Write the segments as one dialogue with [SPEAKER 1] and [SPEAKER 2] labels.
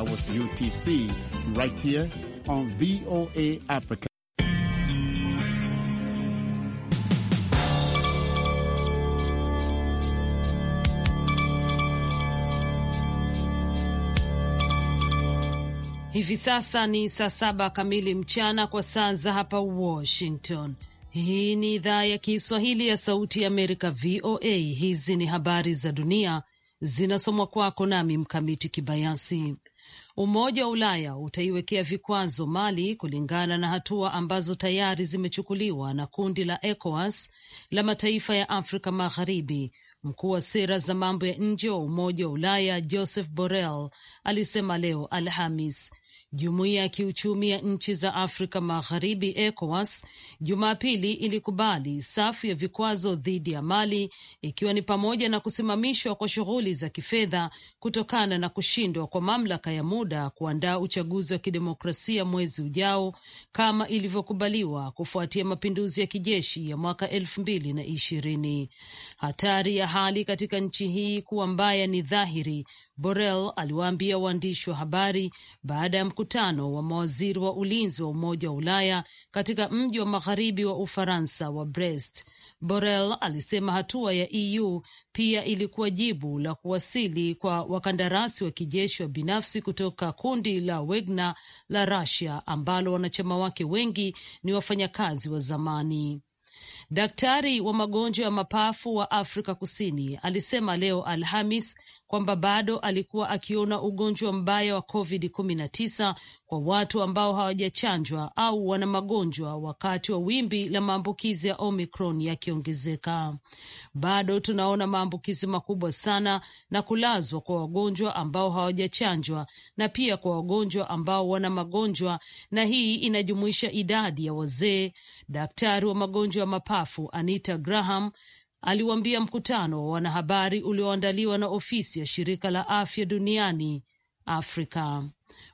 [SPEAKER 1] hours UTC right here on VOA Africa.
[SPEAKER 2] Hivi sasa ni saa saba kamili mchana kwa saa za hapa Washington. Hii ni idhaa ya Kiswahili ya Sauti ya Amerika, VOA. Hizi ni habari za dunia zinasomwa kwako nami Mkamiti Kibayasi. Umoja wa Ulaya utaiwekea vikwazo Mali kulingana na hatua ambazo tayari zimechukuliwa na kundi la ECOWAS la mataifa ya Afrika Magharibi. Mkuu wa sera za mambo ya nje wa Umoja wa Ulaya Joseph Borrell alisema leo Alhamis Jumuiya ya Kiuchumi ya Nchi za Afrika Magharibi ECOWAS Jumapili ilikubali safu ya vikwazo dhidi ya Mali ikiwa ni pamoja na kusimamishwa kwa shughuli za kifedha kutokana na kushindwa kwa mamlaka ya muda kuandaa uchaguzi wa kidemokrasia mwezi ujao kama ilivyokubaliwa kufuatia mapinduzi ya kijeshi ya mwaka elfu mbili na ishirini. Hatari ya hali katika nchi hii kuwa mbaya ni dhahiri, Borrell aliwaambia waandishi wa habari baada ya mkutano wa mawaziri wa ulinzi wa Umoja wa Ulaya katika mji wa magharibi wa Ufaransa wa Brest. Borrell alisema hatua ya EU pia ilikuwa jibu la kuwasili kwa wakandarasi wa kijeshi wa binafsi kutoka kundi la Wagner la Russia ambalo wanachama wake wengi ni wafanyakazi wa zamani. Daktari wa magonjwa ya mapafu wa Afrika Kusini alisema leo Alhamis kwamba bado alikuwa akiona ugonjwa mbaya wa COVID-19 kwa watu ambao hawajachanjwa au wana magonjwa, wakati wa wimbi la maambukizi ya Omicron yakiongezeka. Bado tunaona maambukizi makubwa sana na kulazwa kwa wagonjwa ambao hawajachanjwa na pia kwa wagonjwa ambao wana magonjwa, na hii inajumuisha idadi ya wazee. Daktari wa magonjwa ya mapafu Anita Graham aliwaambia mkutano wa wanahabari ulioandaliwa na ofisi ya shirika la afya duniani Afrika.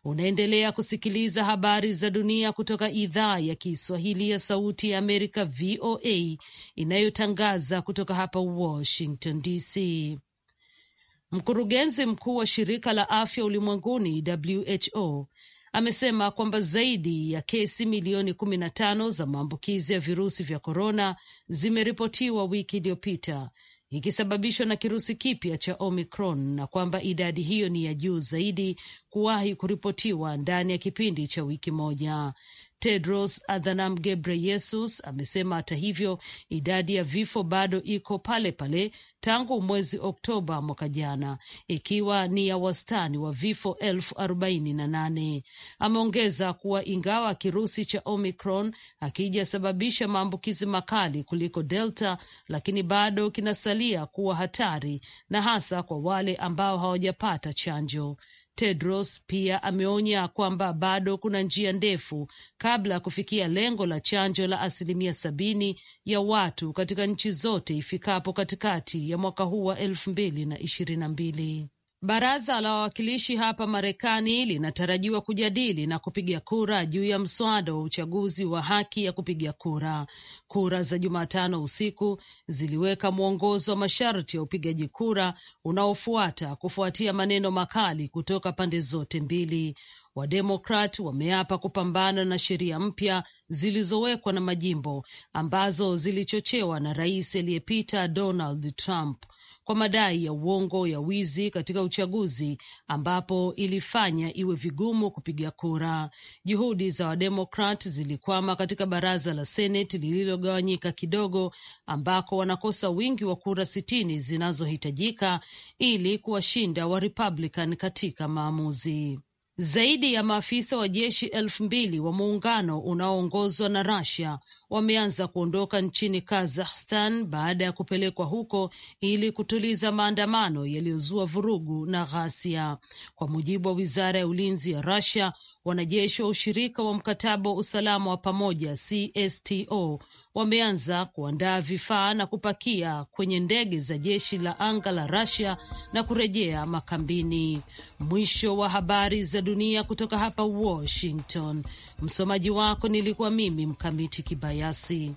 [SPEAKER 2] Unaendelea kusikiliza habari za dunia kutoka idhaa ya Kiswahili ya Sauti ya Amerika, VOA, inayotangaza kutoka hapa Washington DC. Mkurugenzi mkuu wa shirika la afya ulimwenguni WHO amesema kwamba zaidi ya kesi milioni kumi na tano za maambukizi ya virusi vya korona zimeripotiwa wiki iliyopita ikisababishwa na kirusi kipya cha Omicron na kwamba idadi hiyo ni ya juu zaidi kuwahi kuripotiwa ndani ya kipindi cha wiki moja. Tedros Adhanom Ghebreyesus amesema hata hivyo idadi ya vifo bado iko pale pale tangu mwezi Oktoba mwaka jana, ikiwa ni ya wastani wa vifo elfu arobaini na nane. Ameongeza kuwa ingawa kirusi cha Omicron hakijasababisha maambukizi makali kuliko Delta, lakini bado kinasalia kuwa hatari na hasa kwa wale ambao hawajapata chanjo. Tedros pia ameonya kwamba bado kuna njia ndefu kabla ya kufikia lengo la chanjo la asilimia sabini ya watu katika nchi zote ifikapo katikati ya mwaka huu wa elfu mbili na ishirini na mbili. Baraza la wawakilishi hapa Marekani linatarajiwa kujadili na kupiga kura juu ya mswada wa uchaguzi wa haki ya kupiga kura. Kura za Jumatano usiku ziliweka mwongozo wa masharti ya upigaji kura unaofuata kufuatia maneno makali kutoka pande zote mbili. Wademokrat wameapa kupambana na sheria mpya zilizowekwa na majimbo ambazo zilichochewa na rais aliyepita Donald Trump kwa madai ya uongo ya wizi katika uchaguzi ambapo ilifanya iwe vigumu kupiga kura. Juhudi za Wademokrat zilikwama katika baraza la Seneti lililogawanyika kidogo, ambako wanakosa wingi wa kura sitini zinazohitajika ili kuwashinda Warepublican katika maamuzi. Zaidi ya maafisa wa jeshi elfu mbili wa muungano unaoongozwa na rasia wameanza kuondoka nchini Kazakhstan baada ya kupelekwa huko ili kutuliza maandamano yaliyozua vurugu na ghasia, kwa mujibu wa wizara ya ulinzi ya rasia Wanajeshi wa ushirika wa mkataba wa usalama wa pamoja CSTO wameanza kuandaa vifaa na kupakia kwenye ndege za jeshi la anga la Russia na kurejea makambini. Mwisho wa habari za dunia kutoka hapa Washington. Msomaji wako nilikuwa mimi Mkamiti Kibayasi.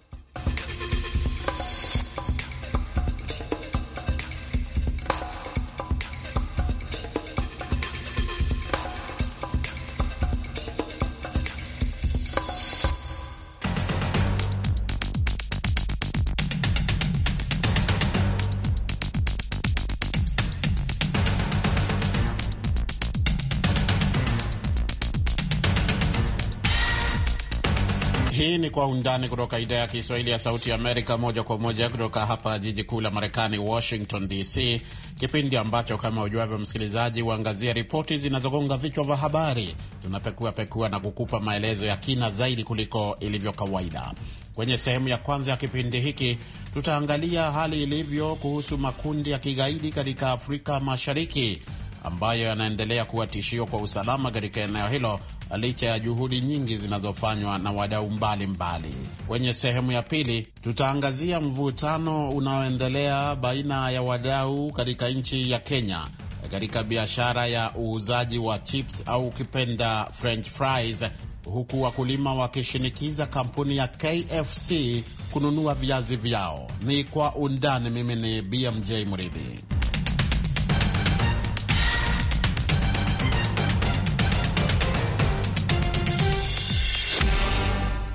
[SPEAKER 1] ni Kwa Undani kutoka idhaa ya Kiswahili ya Sauti Amerika, moja kwa moja kutoka hapa jiji kuu la Marekani, Washington DC, kipindi ambacho kama ujuavyo, msikilizaji, huangazia ripoti zinazogonga vichwa vya habari. Tunapekua pekua na kukupa maelezo ya kina zaidi kuliko ilivyo kawaida. Kwenye sehemu ya kwanza ya kipindi hiki tutaangalia hali ilivyo kuhusu makundi ya kigaidi katika Afrika Mashariki ambayo yanaendelea kuwa tishio kwa usalama katika eneo hilo licha ya juhudi nyingi zinazofanywa na wadau mbalimbali. Kwenye sehemu ya pili, tutaangazia mvutano unaoendelea baina ya wadau katika nchi ya Kenya katika biashara ya uuzaji wa chips au ukipenda french fries, huku wakulima wakishinikiza kampuni ya KFC kununua viazi vyao. Ni kwa undani. Mimi ni BMJ Mridhi.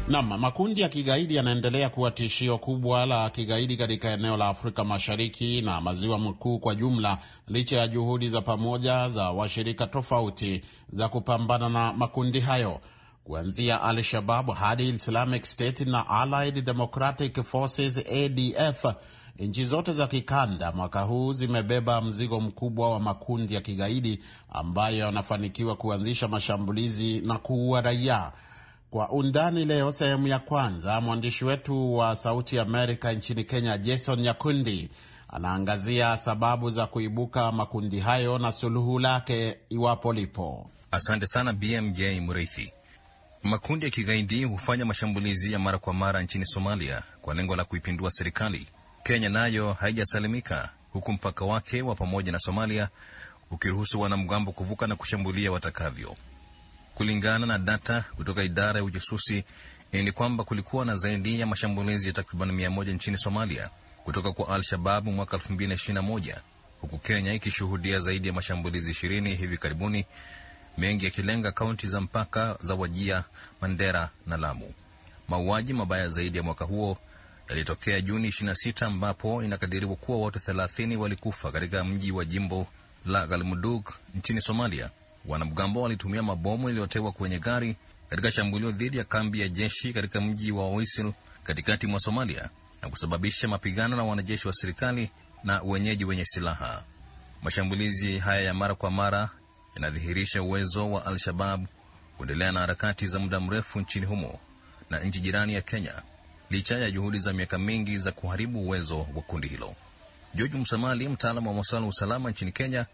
[SPEAKER 1] Nam, makundi ya kigaidi yanaendelea kuwa tishio kubwa la kigaidi katika eneo la Afrika Mashariki na Maziwa Makuu kwa jumla, licha ya juhudi za pamoja za washirika tofauti za kupambana na makundi hayo kuanzia Al-Shabab hadi Islamic State na Allied Democratic Forces ADF. Nchi zote za kikanda mwaka huu zimebeba mzigo mkubwa wa makundi ya kigaidi ambayo yanafanikiwa kuanzisha mashambulizi na kuua raia. Kwa undani leo sehemu ya kwanza, mwandishi wetu wa Sauti Amerika nchini Kenya Jason Nyakundi anaangazia sababu za kuibuka makundi hayo na suluhu lake iwapo lipo.
[SPEAKER 3] Asante sana BMJ Murithi. Makundi ya kigaidi hufanya mashambulizi ya mara kwa mara nchini Somalia kwa lengo la kuipindua serikali. Kenya nayo haijasalimika, huku mpaka wake wa pamoja na Somalia ukiruhusu wanamgambo kuvuka na kushambulia watakavyo. Kulingana na data kutoka idara ya ujasusi eh, ni kwamba kulikuwa na zaidi ya mashambulizi ya takriban mia moja nchini Somalia kutoka kwa Al-Shababu mwaka 2021 huku Kenya ikishuhudia zaidi ya mashambulizi ishirini hivi karibuni, mengi yakilenga kaunti za mpaka za Wajia, Mandera na Lamu. Mauaji mabaya zaidi ya mwaka huo yalitokea Juni 26 ambapo inakadiriwa kuwa watu 30 walikufa katika mji wa jimbo la Galmudug nchini Somalia Wanamgambo walitumia mabomu yaliyotewa kwenye gari katika shambulio dhidi ya kambi ya jeshi katika mji wa Oisil katikati mwa Somalia na kusababisha mapigano na wanajeshi wa serikali na wenyeji wenye silaha. Mashambulizi haya ya mara kwa mara yanadhihirisha uwezo wa Al-Shabab kuendelea na harakati za muda mrefu nchini humo na nchi jirani ya Kenya licha ya juhudi za miaka mingi za kuharibu uwezo wa kundi hilo. George Msamali, mtaalamu wa masuala ya usalama nchini Kenya,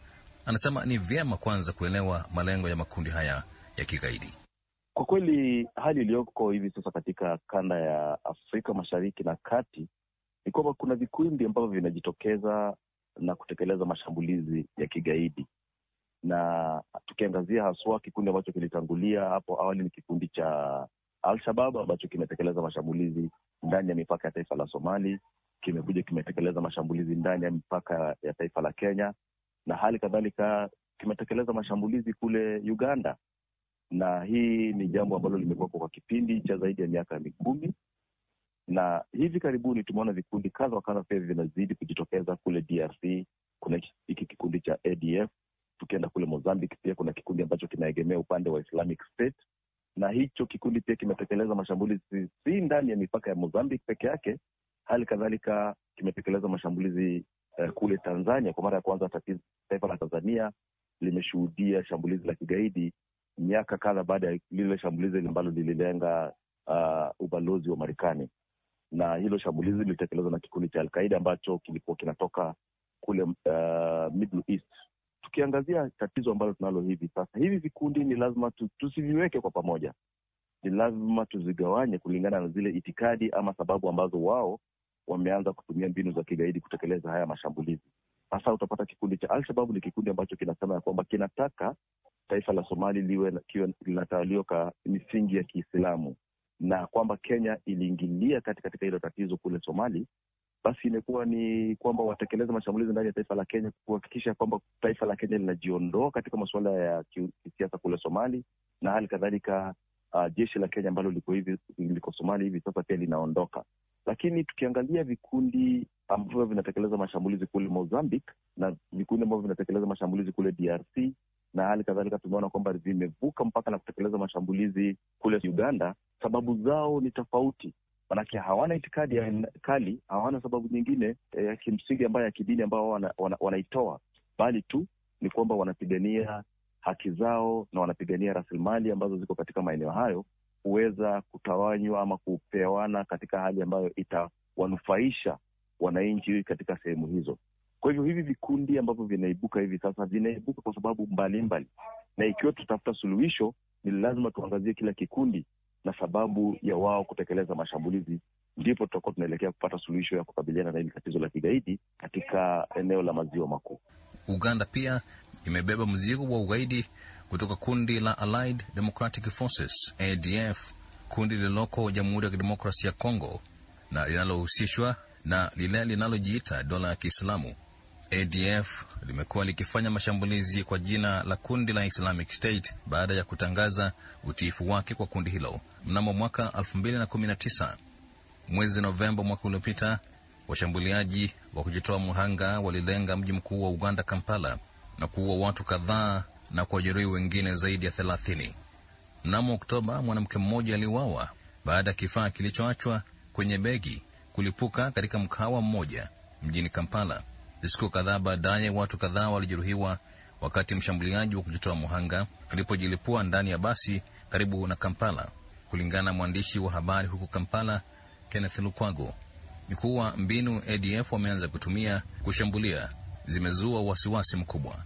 [SPEAKER 3] Anasema ni vyema kwanza kuelewa malengo ya makundi
[SPEAKER 4] haya ya kigaidi. Kwa kweli hali iliyoko hivi sasa katika kanda ya Afrika Mashariki na Kati ni kwamba kuna vikundi ambavyo vinajitokeza na kutekeleza mashambulizi ya kigaidi, na tukiangazia haswa kikundi ambacho kilitangulia hapo awali ni kikundi cha Al-Shabab ambacho kimetekeleza mashambulizi ndani ya mipaka ya taifa la Somali, kimekuja kimetekeleza mashambulizi ndani ya mipaka ya taifa la Kenya, na hali kadhalika kimetekeleza mashambulizi kule Uganda, na hii ni jambo ambalo limekuwepo kwa kipindi cha zaidi ya miaka mikumi na hivi karibuni tumeona vikundi kadha wa kadha pia vinazidi kujitokeza kule DRC. Kuna hiki kikundi cha ADF. Tukienda kule Mozambique pia kuna kikundi ambacho kinaegemea upande wa Islamic State, na hicho kikundi pia kimetekeleza mashambulizi si ndani ya mipaka ya Mozambique peke yake, hali kadhalika kimetekeleza mashambulizi eh, kule Tanzania. Kwa mara ya kwanza taifa la Tanzania limeshuhudia shambulizi la kigaidi miaka kadha baada ya lile shambulizi ambalo lililenga uh, ubalozi wa Marekani, na hilo shambulizi lilitekelezwa na kikundi cha Alqaida ambacho kilikuwa kinatoka kule uh, Middle East. Tukiangazia tatizo ambalo tunalo hivi sasa, hivi vikundi ni lazima tusiviweke kwa pamoja, ni lazima tuzigawanye kulingana na zile itikadi ama sababu ambazo wao wameanza kutumia mbinu za kigaidi kutekeleza haya mashambulizi. Sasa utapata kikundi cha Alshababu ni kikundi ambacho kinasema ya kwamba kinataka taifa la Somali liwe linatawaliwa kwa misingi ya Kiislamu na kwamba Kenya iliingilia kati katika hilo tatizo kule Somali, basi imekuwa ni kwamba watekeleza mashambulizi ndani ya taifa la Kenya kuhakikisha kwamba taifa la Kenya linajiondoa katika masuala ya kisiasa kule Somali, na hali kadhalika uh, jeshi la Kenya ambalo liko hivi liko Somali hivi sasa pia linaondoka. Lakini tukiangalia vikundi ambavyo vinatekeleza mashambulizi kule Mozambique na vikundi ambavyo vinatekeleza mashambulizi kule DRC na hali kadhalika, tumeona kwamba vimevuka mpaka na kutekeleza mashambulizi kule Uganda. Sababu zao ni tofauti, manake hawana itikadi ya kali, hawana sababu nyingine eh, ya kimsingi ambayo ya kidini ambao wanaitoa wana, wana bali tu ni kwamba wanapigania haki zao na wanapigania rasilimali ambazo ziko katika maeneo hayo, kuweza kutawanywa ama kupewana katika hali ambayo itawanufaisha wananchi katika sehemu hizo. Kwa hivyo hivi vikundi ambavyo vinaibuka hivi sasa vinaibuka kwa sababu mbalimbali mbali. Na ikiwa tutafuta suluhisho ni lazima tuangazie kila kikundi na sababu ya wao kutekeleza mashambulizi, ndipo tutakuwa tunaelekea kupata suluhisho ya kukabiliana na hili tatizo la kigaidi katika eneo la maziwa makuu.
[SPEAKER 3] Uganda pia imebeba mzigo wa ugaidi kutoka kundi la Allied Democratic Forces ADF, kundi lililoko Jamhuri ya Kidemokrasia ya Kongo na linalohusishwa na lile linalojiita dola ya Kiislamu. ADF limekuwa likifanya mashambulizi kwa jina la kundi la Islamic State baada ya kutangaza utiifu wake kwa kundi hilo mnamo mwaka 2019. Mwezi Novemba mwaka uliopita, washambuliaji wa kujitoa mhanga walilenga mji mkuu wa Uganda, Kampala, na kuua watu kadhaa na kuwajeruhi wengine zaidi ya thelathini. Mnamo Oktoba, mwanamke mmoja aliuawa baada ya kifaa kilichoachwa kwenye begi kulipuka katika mkahawa mmoja mjini Kampala. Siku kadhaa baadaye, watu kadhaa walijeruhiwa wakati mshambuliaji wa kujitoa muhanga alipojilipua ndani ya basi karibu na Kampala, kulingana na mwandishi wa habari huko Kampala Kenneth Lukwago. Ni kuwa mbinu ADF wameanza kutumia kushambulia zimezua wasiwasi mkubwa.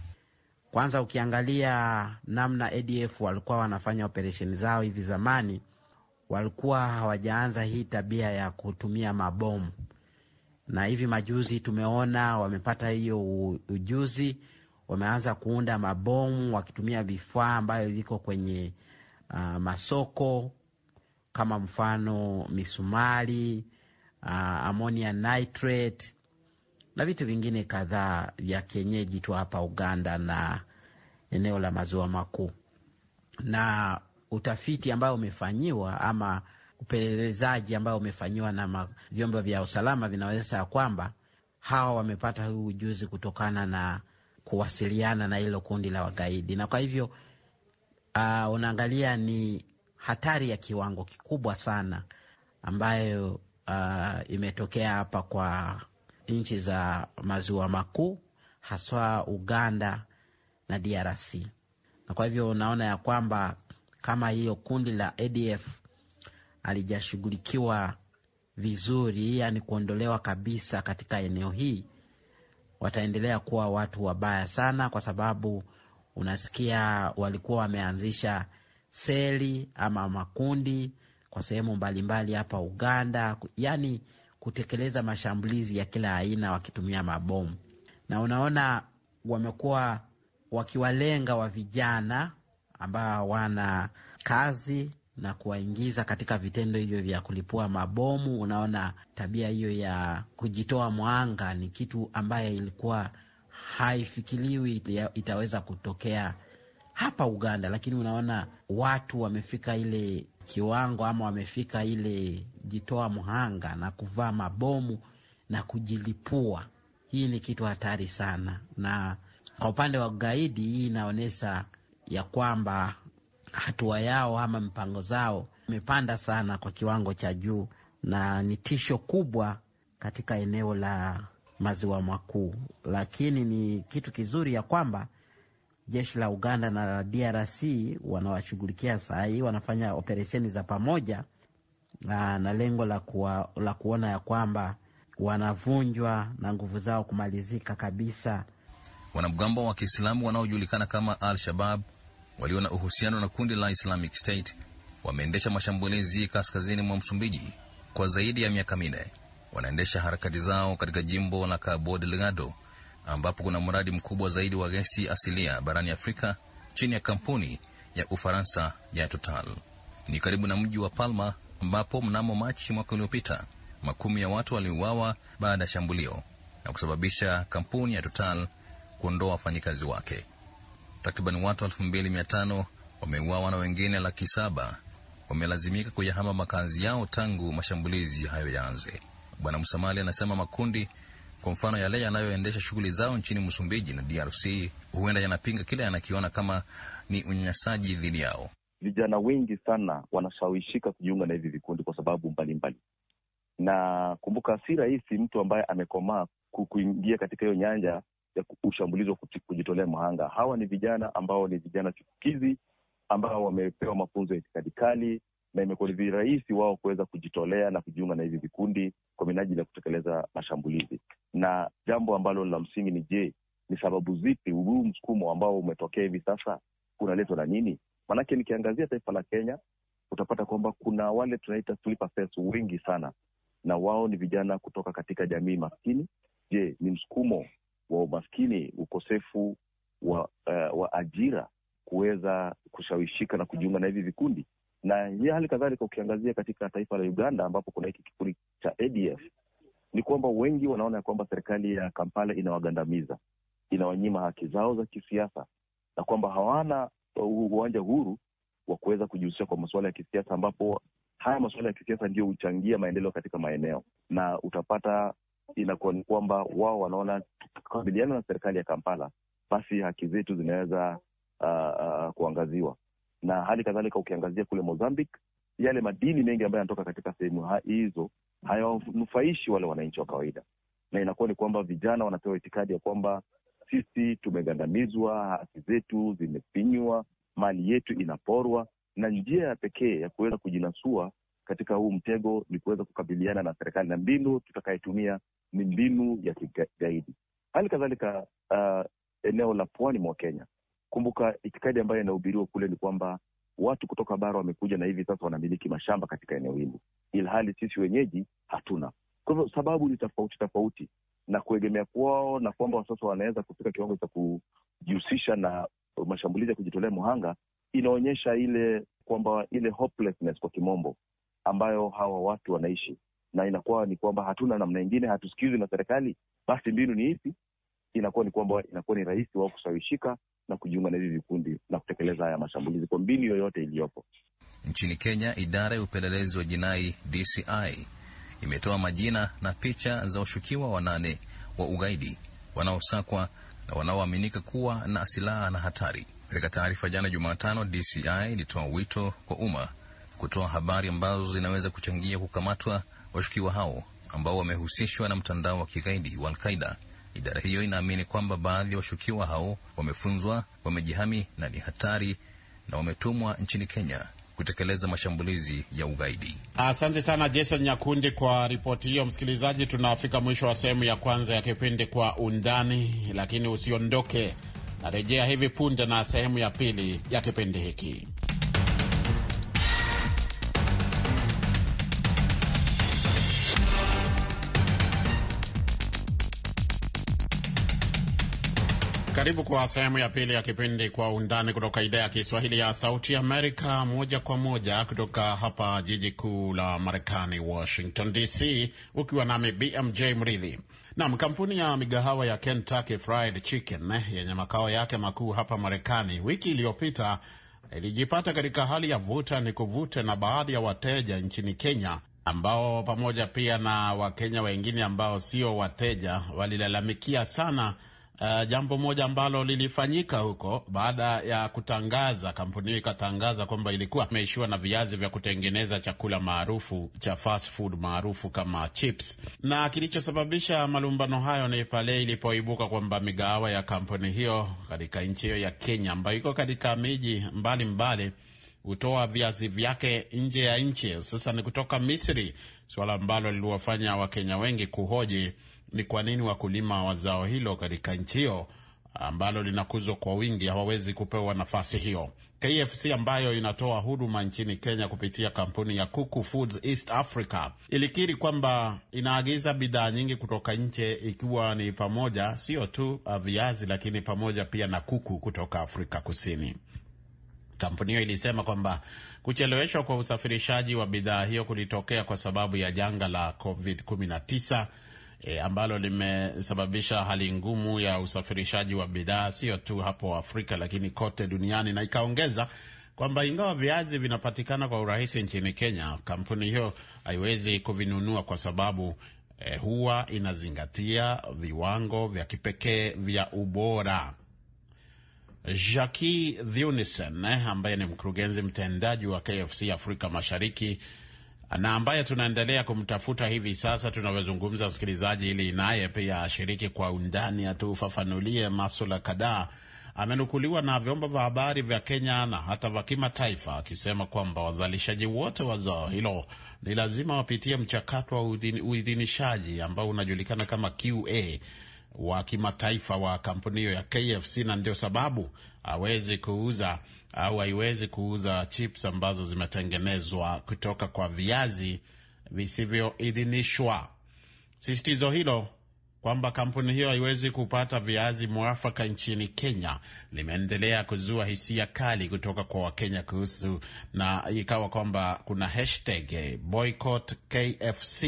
[SPEAKER 5] Kwanza ukiangalia namna ADF walikuwa wanafanya operesheni zao hivi zamani, walikuwa hawajaanza hii tabia ya kutumia mabomu, na hivi majuzi tumeona wamepata hiyo ujuzi, wameanza kuunda mabomu wakitumia vifaa ambayo viko kwenye uh, masoko kama mfano misumari, uh, ah, ammonia nitrate na vitu vingine kadhaa vya kienyeji tu hapa Uganda na eneo la maziwa makuu. Na utafiti ambao umefanyiwa ama upelelezaji ambao umefanyiwa na vyombo vya usalama ya kwamba hawa wamepata huu ujuzi kutokana na kuwasiliana na hilo kundi la wagaidi, na kwa hivyo uh, unaangalia ni hatari ya kiwango kikubwa sana ambayo uh, imetokea hapa kwa nchi za maziwa makuu, haswa Uganda na DRC. Na kwa hivyo unaona ya kwamba kama hiyo kundi la ADF alijashughulikiwa vizuri, yani kuondolewa kabisa katika eneo hii, wataendelea kuwa watu wabaya sana, kwa sababu unasikia walikuwa wameanzisha seli ama makundi kwa sehemu mbalimbali hapa Uganda, yani kutekeleza mashambulizi ya kila aina wakitumia mabomu, na unaona wamekuwa wakiwalenga wa vijana ambao wana kazi na kuwaingiza katika vitendo hivyo vya kulipua mabomu. Unaona, tabia hiyo ya kujitoa mwanga ni kitu ambayo ilikuwa haifikiriwi itaweza kutokea hapa Uganda, lakini unaona watu wamefika ile kiwango ama wamefika ile jitoa mhanga na kuvaa mabomu na kujilipua. Hii ni kitu hatari sana, na kwa upande wa ugaidi, hii inaonyesha ya kwamba hatua yao ama mipango zao imepanda sana kwa kiwango cha juu, na ni tisho kubwa katika eneo la maziwa makuu. Lakini ni kitu kizuri ya kwamba jeshi la Uganda na la DRC wanawashughulikia saa hii, wanafanya operesheni za pamoja na, na lengo la, kuwa, la kuona ya kwamba wanavunjwa na nguvu zao kumalizika kabisa
[SPEAKER 3] Wanamgambo wa Kiislamu wanaojulikana kama Al-Shabab walio na uhusiano na kundi la Islamic State wameendesha mashambulizi kaskazini mwa Msumbiji kwa zaidi ya miaka minne. Wanaendesha harakati zao katika jimbo la Cabo Delgado ambapo kuna mradi mkubwa zaidi wa gesi asilia barani Afrika chini ya kampuni ya Ufaransa ya Total. Ni karibu na mji wa Palma ambapo mnamo Machi mwaka uliopita makumi ya watu waliuawa baada ya shambulio na kusababisha kampuni ya Total kuondoa wafanyikazi wake. Takriban watu elfu mbili mia tano wameuawa na wengine laki saba wamelazimika kuyahama makazi yao tangu mashambulizi hayo yaanze. Bwana Msamali anasema makundi kwa mfano yale yanayoendesha shughuli zao nchini Msumbiji na DRC huenda yanapinga kile yanakiona kama ni unyanyasaji dhidi
[SPEAKER 4] yao. Vijana wengi sana wanashawishika kujiunga na hivi vikundi kwa sababu mbalimbali mbali. Na kumbuka, si rahisi mtu ambaye amekomaa kuingia katika hiyo nyanja ya ushambulizi wa kujitolea mahanga. Hawa ni vijana ambao ni vijana chukizi ambao wamepewa mafunzo ya itikadi kali, na imekuwa ni virahisi wao kuweza kujitolea na kujiunga na hivi vikundi kwa minajili ya kutekeleza mashambulizi. Na jambo ambalo la msingi ni je, ni sababu zipi huu msukumo ambao umetokea hivi sasa unaletwa na nini? Maanake nikiangazia taifa la Kenya utapata kwamba kuna wale tunaita sleeper cells wengi sana, na wao ni vijana kutoka katika jamii maskini. Je, ni msukumo wa umaskini, ukosefu wa, uh, wa ajira kuweza kushawishika na kujiunga na hivi vikundi, na hii hali kadhalika, ukiangazia katika taifa la Uganda ambapo kuna hiki kikundi cha ADF, ni kwamba wengi wanaona ya kwamba serikali ya Kampala inawagandamiza, inawanyima haki zao za kisiasa, na kwamba hawana uh, uwanja huru wa kuweza kujihusisha kwa masuala ya kisiasa, ambapo haya masuala ya kisiasa ndio huchangia maendeleo katika maeneo, na utapata inakuwa ni kwamba wao wanaona tukikabiliana na serikali ya Kampala, basi haki zetu zinaweza uh, uh, kuangaziwa. Na hali kadhalika ukiangazia kule Mozambique, yale madini mengi ambayo yanatoka katika sehemu hizo hayawanufaishi wale wananchi wa kawaida, na inakuwa ni kwamba vijana wanapewa itikadi ya kwamba sisi tumegandamizwa, haki zetu zimefinywa, mali yetu inaporwa, na njia ya pekee ya kuweza kujinasua katika huu mtego ni kuweza kukabiliana na serikali, na mbinu tutakayetumia ni mbinu ya kigaidi. Hali kadhalika uh, eneo la pwani mwa Kenya, kumbuka itikadi ambayo inahubiriwa kule ni kwamba watu kutoka bara wamekuja na hivi sasa wanamiliki mashamba katika eneo hili, ilhali sisi wenyeji hatuna. Kwa hivyo sababu ni tofauti tofauti, na kuegemea kwao na kwamba sasa wanaweza kufika kiwango cha kujihusisha na mashambulizi ya kujitolea muhanga inaonyesha ile kwamba ile hopelessness kwa kimombo ambayo hawa watu wanaishi, na inakuwa ni kwamba hatuna namna ingine, hatusikizwi na serikali, basi mbinu ni ipi? Inakuwa ni kwamba inakuwa ni rahisi wao kushawishika na kujiunga na hivi vikundi na kutekeleza haya mashambulizi kwa mbinu yoyote iliyopo.
[SPEAKER 3] Nchini Kenya, idara ya upelelezi wa jinai DCI imetoa majina na picha za washukiwa wanane wa ugaidi wanaosakwa na wanaoaminika kuwa na silaha na hatari. Katika taarifa jana Jumatano, DCI ilitoa wito kwa umma kutoa habari ambazo zinaweza kuchangia kukamatwa washukiwa hao ambao wamehusishwa na mtandao wa kigaidi wa Alqaida. Idara hiyo inaamini kwamba baadhi ya washukiwa hao wamefunzwa, wamejihami na ni hatari na wametumwa nchini Kenya kutekeleza mashambulizi ya ugaidi.
[SPEAKER 1] Asante sana Jason Nyakundi kwa ripoti hiyo. Msikilizaji, tunafika mwisho wa sehemu ya kwanza ya kipindi Kwa Undani, lakini usiondoke, narejea hivi punde na sehemu ya pili ya kipindi hiki. Karibu kwa sehemu ya pili ya kipindi Kwa Undani kutoka idhaa ya Kiswahili ya Sauti Amerika, moja kwa moja kutoka hapa jiji kuu la Marekani, Washington DC, ukiwa nami BMJ Mridhi. Nam, kampuni ya migahawa ya Kentucky Fried Chicken yenye makao yake makuu hapa Marekani wiki iliyopita ilijipata katika hali ya vuta ni kuvute na baadhi ya wateja nchini Kenya ambao pamoja pia na Wakenya wengine ambao sio wateja walilalamikia sana Uh, jambo moja ambalo lilifanyika huko baada ya kutangaza, kampuni hiyo ikatangaza kwamba ilikuwa imeishiwa na viazi vya kutengeneza chakula maarufu cha fast food maarufu kama chips, na kilichosababisha malumbano hayo ni pale ilipoibuka kwamba migahawa ya kampuni hiyo katika nchi hiyo ya Kenya ambayo iko katika miji mbalimbali hutoa viazi vyake nje ya nchi, hususan kutoka Misri, suala ambalo liliwafanya Wakenya wengi kuhoji ni kwa nini wakulima wa zao hilo katika nchi hiyo ambalo linakuzwa kwa wingi hawawezi kupewa nafasi hiyo. KFC ambayo inatoa huduma nchini Kenya kupitia kampuni ya Kuku Foods East Africa ilikiri kwamba inaagiza bidhaa nyingi kutoka nje, ikiwa ni pamoja sio tu uh, viazi, lakini pamoja pia na kuku kutoka Afrika Kusini. Kampuni hiyo ilisema kwamba kucheleweshwa kwa usafirishaji wa bidhaa hiyo kulitokea kwa sababu ya janga la COVID-19 e, ambalo limesababisha hali ngumu ya usafirishaji wa bidhaa sio tu hapo Afrika lakini kote duniani, na ikaongeza kwamba ingawa viazi vinapatikana kwa urahisi nchini Kenya, kampuni hiyo haiwezi kuvinunua kwa sababu e, huwa inazingatia viwango vya kipekee vya ubora. Jackie Thunisen ambaye ni mkurugenzi mtendaji wa KFC Afrika Mashariki na ambaye tunaendelea kumtafuta hivi sasa tunavyozungumza, msikilizaji, ili naye pia ashiriki kwa undani, atufafanulie maswala kadhaa. Amenukuliwa na vyombo vya habari vya Kenya na hata vya kimataifa akisema kwamba wazalishaji wote wa zao hilo ni lazima wapitie mchakato wa uidhinishaji ambao unajulikana kama QA wa kimataifa wa kampuni hiyo ya KFC, na ndio sababu hawezi kuuza au haiwezi kuuza chips ambazo zimetengenezwa kutoka kwa viazi visivyoidhinishwa. Sisitizo hilo kwamba kampuni hiyo haiwezi kupata viazi mwafaka nchini Kenya limeendelea kuzua hisia kali kutoka kwa Wakenya kuhusu, na ikawa kwamba kuna hashtag boycott KFC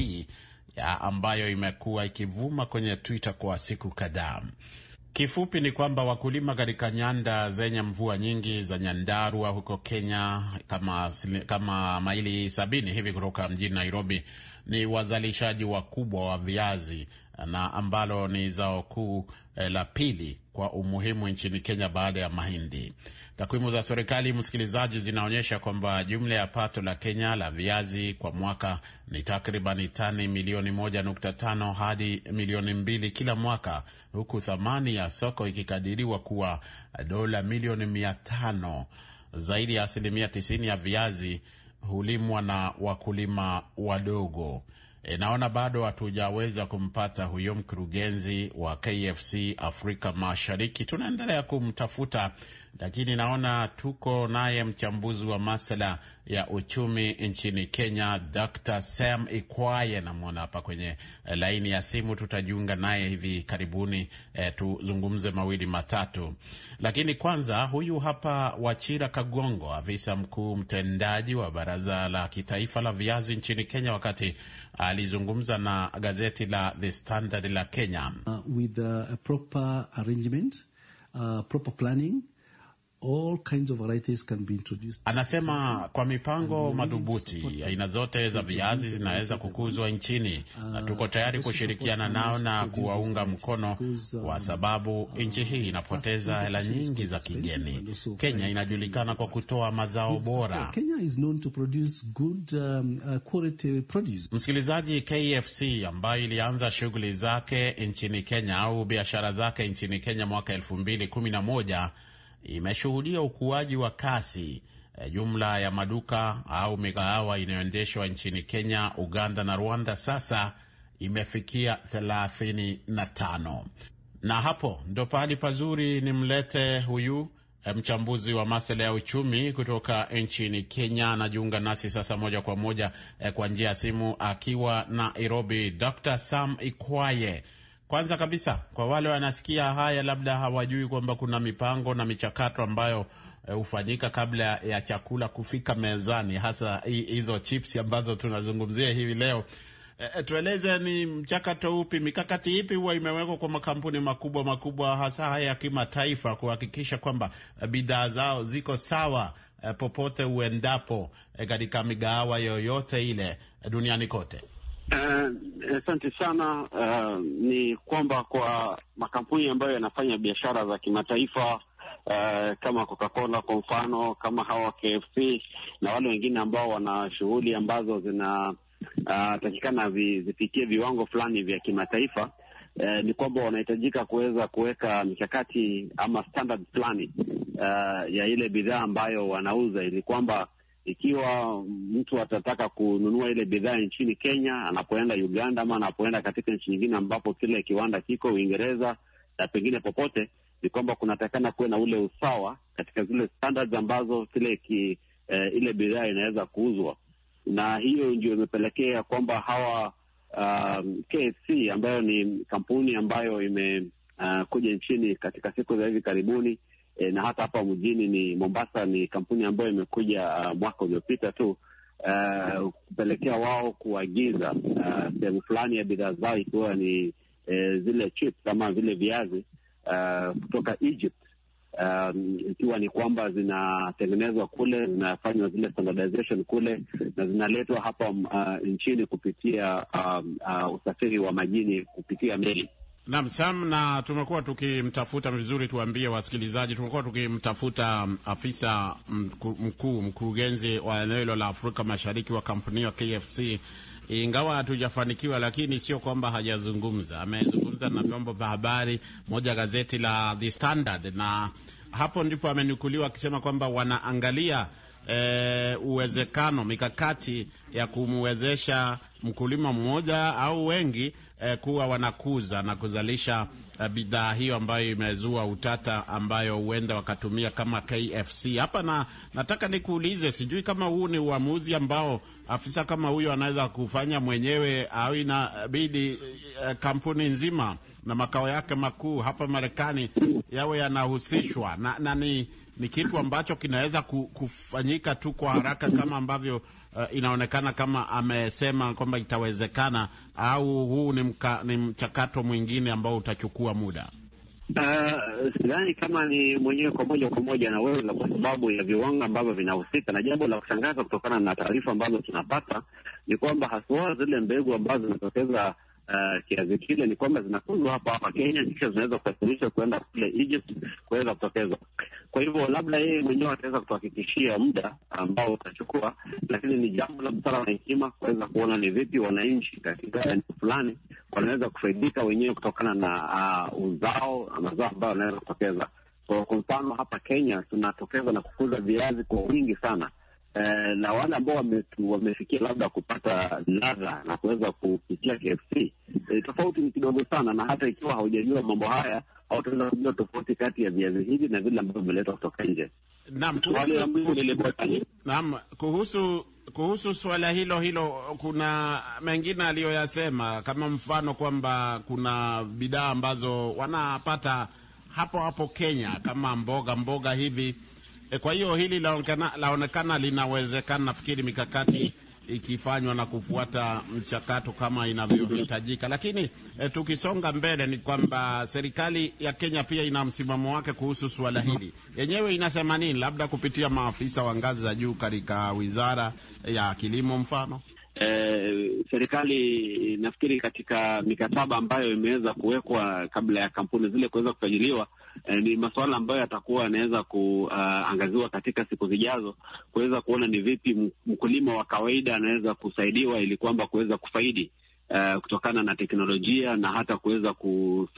[SPEAKER 1] ambayo imekuwa ikivuma kwenye Twitter kwa siku kadhaa. Kifupi ni kwamba wakulima katika nyanda zenye mvua nyingi za Nyandarua huko Kenya, kama, kama maili sabini hivi kutoka mjini Nairobi, ni wazalishaji wakubwa wa viazi na ambalo ni zao kuu eh, la pili kwa umuhimu nchini Kenya baada ya mahindi. Takwimu za serikali, msikilizaji, zinaonyesha kwamba jumla ya pato la Kenya la viazi kwa mwaka ni takriban tani milioni 15 hadi milioni mbili kila mwaka, huku thamani ya soko ikikadiriwa kuwa dola milioni mia tano. Zaidi ya asilimia 90 ya viazi hulimwa na wakulima wadogo. E, naona bado hatujaweza kumpata huyo mkurugenzi wa KFC Afrika Mashariki, tunaendelea kumtafuta lakini naona tuko naye mchambuzi wa masuala ya uchumi nchini Kenya, Dr Sam Ikwaye, namwona hapa kwenye eh, laini ya simu. Tutajiunga naye hivi karibuni, E, tuzungumze mawili matatu, lakini kwanza huyu hapa Wachira Kagongo, afisa mkuu mtendaji wa Baraza la Kitaifa la Viazi nchini Kenya, wakati alizungumza na gazeti la The Standard la Kenya.
[SPEAKER 3] Uh, with, uh, a proper arrangement, uh, proper planning All kinds of varieties can be introduced.
[SPEAKER 1] Anasema kwa mipango madhubuti aina zote za viazi zinaweza kukuzwa nchini, na uh, tuko tayari kushirikiana nao na kuwaunga mkono, um, kwa sababu uh, nchi hii inapoteza hela nyingi za kigeni. Kenya inajulikana kwa kutoa mazao uh, bora. Um, Msikilizaji, KFC ambayo ilianza shughuli zake nchini Kenya au biashara zake nchini Kenya mwaka elfu mbili kumi na moja imeshuhudia ukuaji wa kasi. E, jumla ya maduka au migahawa inayoendeshwa nchini Kenya, Uganda na Rwanda sasa imefikia 35. Na hapo ndo pahali pazuri nimlete huyu e, mchambuzi wa masuala ya uchumi kutoka nchini Kenya. Anajiunga nasi sasa moja kwa moja e, kwa njia ya simu akiwa Nairobi, Dr Sam Ikwaye. Kwanza kabisa kwa wale wanasikia haya, labda hawajui kwamba kuna mipango na michakato ambayo eh, hufanyika kabla ya chakula kufika mezani, hasa hizo chips ambazo tunazungumzia hivi leo. E, tueleze ni mchakato upi, mikakati ipi huwa imewekwa kwa makampuni makubwa makubwa hasa haya ya kimataifa kuhakikisha kwamba bidhaa zao ziko sawa popote uendapo katika migahawa yoyote ile duniani kote?
[SPEAKER 6] Eh, asante uh, sana uh, ni kwamba kwa makampuni ambayo yanafanya biashara za kimataifa Uh, kama Coca-Cola kwa mfano, kama hawa KFC na wale wengine ambao wana shughuli ambazo zinatakikana uh, vi, zifikie viwango fulani vya kimataifa uh, ni kwamba wanahitajika kuweza kuweka mikakati ama standard fulani uh, ya ile bidhaa ambayo wanauza ili kwamba ikiwa mtu atataka kununua ile bidhaa nchini Kenya anapoenda Uganda ama anapoenda katika nchi nyingine ambapo kile kiwanda kiko Uingereza na pengine popote, ni kwamba kunatakana kuwe na ule usawa katika zile standards ambazo kile ki, eh, ile bidhaa inaweza kuuzwa, na hiyo ndio imepelekea kwamba hawa um, KFC ambayo ni kampuni ambayo imekuja uh, nchini katika siku za hivi karibuni e, na hata hapa mjini ni Mombasa ni kampuni ambayo imekuja uh, mwaka uliopita tu uh, kupelekea wao kuagiza uh, sehemu fulani ya bidhaa zao ikiwa ni uh, zile chips kama vile viazi uh, kutoka Egypt Um, ikiwa ni kwamba zinatengenezwa kule, zinafanywa zile standardization kule na zinaletwa hapa uh, nchini kupitia um, uh, usafiri wa majini kupitia meli.
[SPEAKER 1] Naam, Sam, na tumekuwa tukimtafuta vizuri, tuambie wasikilizaji, tumekuwa tukimtafuta um, afisa um, mkuu mkurugenzi wa eneo hilo la Afrika Mashariki wa kampuni ya KFC, ingawa hatujafanikiwa, lakini sio kwamba hajazungumza. Amezungumza na vyombo vya habari, moja gazeti la The Standard, na hapo ndipo amenukuliwa akisema kwamba wanaangalia E, uwezekano mikakati ya kumwezesha mkulima mmoja au wengi eh, kuwa wanakuza na kuzalisha eh, bidhaa hiyo ambayo imezua utata, ambayo huenda wakatumia kama KFC hapa. Na nataka nikuulize, sijui kama huu ni uamuzi ambao afisa kama huyo anaweza kufanya mwenyewe au inabidi eh, kampuni nzima na makao yake makuu hapa Marekani yawe yanahusishwa na, na ni ni kitu ambacho kinaweza kufanyika tu kwa haraka kama ambavyo uh, inaonekana kama amesema kwamba itawezekana, au huu ni, mka, ni mchakato mwingine ambao utachukua muda?
[SPEAKER 6] Ah, sidhani uh, kama ni mwenyewe kwa moja kwa moja na kwa sababu ya viwango ambavyo vinahusika. Na jambo la kushangaza kutokana na taarifa ambazo tunapata ni kwamba haswa zile mbegu ambazo zinatokeza uh, kile ni kwamba zinakuzwa hapa hapa Kenya, kisha zinaweza kusafirishwa kuenda kule Egypt kuweza kutokezwa. Kwa hivyo labda yeye mwenyewe ataweza kutuhakikishia muda ambao utachukua, lakini ni jambo la busara na hekima kuweza kuona ni vipi wananchi katika eneo fulani wanaweza kufaidika wenyewe kutokana na uh, uzao mazao ambayo wanaweza kutokeza. So, kwa mfano hapa Kenya tunatokeza na kukuza viazi kwa wingi sana Eh, na wale ambao wamefikia labda kupata ladha na kuweza kupitia KFC e, eh, tofauti ni kidogo sana, na hata ikiwa haujajua mambo haya hautaweza kujua tofauti kati ya viazi hivi na vile ambavyo vimeletwa kutoka nje.
[SPEAKER 1] Naam, naam, kuhusu kuhusu suala hilo hilo, kuna mengine aliyoyasema kama mfano kwamba kuna bidhaa ambazo wanapata hapo hapo Kenya kama mboga mboga hivi Eh, kwa hiyo hili laonekana, laonekana linawezekana. Nafikiri mikakati ikifanywa na kufuata mchakato kama inavyohitajika. Lakini e, tukisonga mbele ni kwamba serikali ya Kenya pia ina msimamo wake kuhusu suala mhm. hili. Yenyewe inasema nini, labda kupitia maafisa wa ngazi za juu
[SPEAKER 6] katika wizara ya kilimo mfano? E, serikali nafikiri katika mikataba ambayo imeweza kuwekwa kabla ya kampuni zile kuweza kusajiliwa eh, ni masuala ambayo yatakuwa yanaweza kuangaziwa uh, katika siku zijazo kuweza kuona ni vipi mkulima wa kawaida anaweza kusaidiwa ili kwamba kuweza kufaidi Uh, kutokana na teknolojia na hata kuweza ku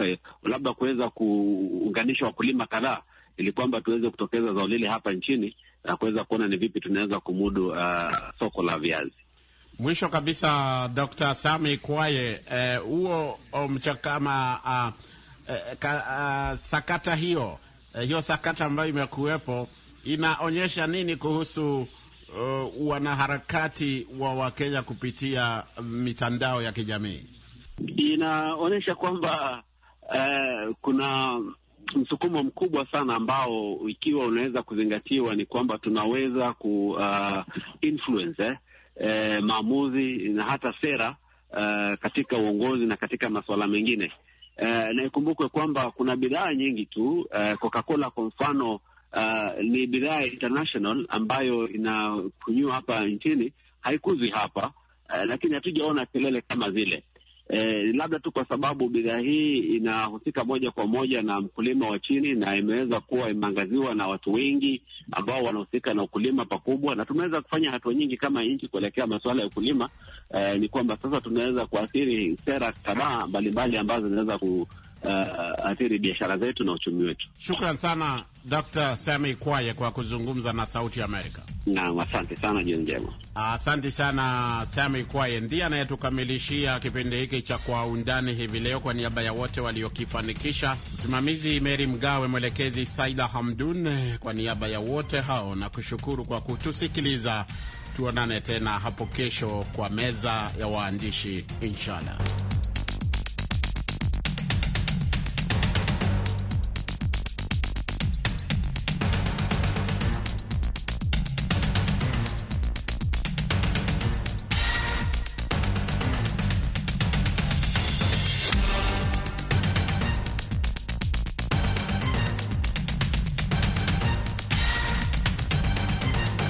[SPEAKER 6] labda kuweza kuunganisha wakulima kadhaa ili kwamba tuweze kutokeza zao lile hapa nchini na eh, kuweza kuona ni vipi tunaweza kumudu uh, soko la viazi.
[SPEAKER 1] Mwisho kabisa, Dr. Sami Kwaye, eh, huo uh, oh, mchakama uh, ah, Eh, eh, ka, uh, sakata hiyo eh, hiyo sakata ambayo imekuwepo inaonyesha nini kuhusu uh, wanaharakati wa Wakenya kupitia mitandao ya
[SPEAKER 6] kijamii? Inaonyesha kwamba uh, kuna msukumo mkubwa sana ambao ikiwa unaweza kuzingatiwa ni kwamba tunaweza ku uh, influence eh, eh, maamuzi na hata sera uh, katika uongozi na katika masuala mengine eh, na ikumbukwe kwamba kuna bidhaa nyingi tu eh, Coca-Cola kwa mfano uh, ni bidhaa international ambayo inakunywa hapa nchini haikuzwi hapa eh, lakini hatujaona kelele kama zile eh, labda tu kwa sababu bidhaa hii inahusika moja kwa moja na mkulima wa chini na imeweza kuwa imeangaziwa na watu wengi ambao wanahusika na ukulima pakubwa, na tumeweza kufanya hatua nyingi kama nchi kuelekea masuala ya ukulima. Eh, ni kwamba sasa tunaweza kuathiri sera kadhaa mbalimbali ambazo zinaweza ku Uh, athiri biashara zetu na uchumi wetu.
[SPEAKER 1] Shukran sana Dr. Sami Kwaye kwa kuzungumza na Sauti Amerika.
[SPEAKER 6] Naam, asante sana, jioni njema.
[SPEAKER 1] Asante sana Sami Kwaye, ndiye anayetukamilishia kipindi hiki cha Kwa Undani hivi leo. Kwa niaba ya wote waliokifanikisha, msimamizi Meri Mgawe, mwelekezi Saida Hamdun, kwa niaba ya wote hao na kushukuru kwa kutusikiliza. Tuonane tena hapo kesho kwa meza ya waandishi,
[SPEAKER 5] inshallah.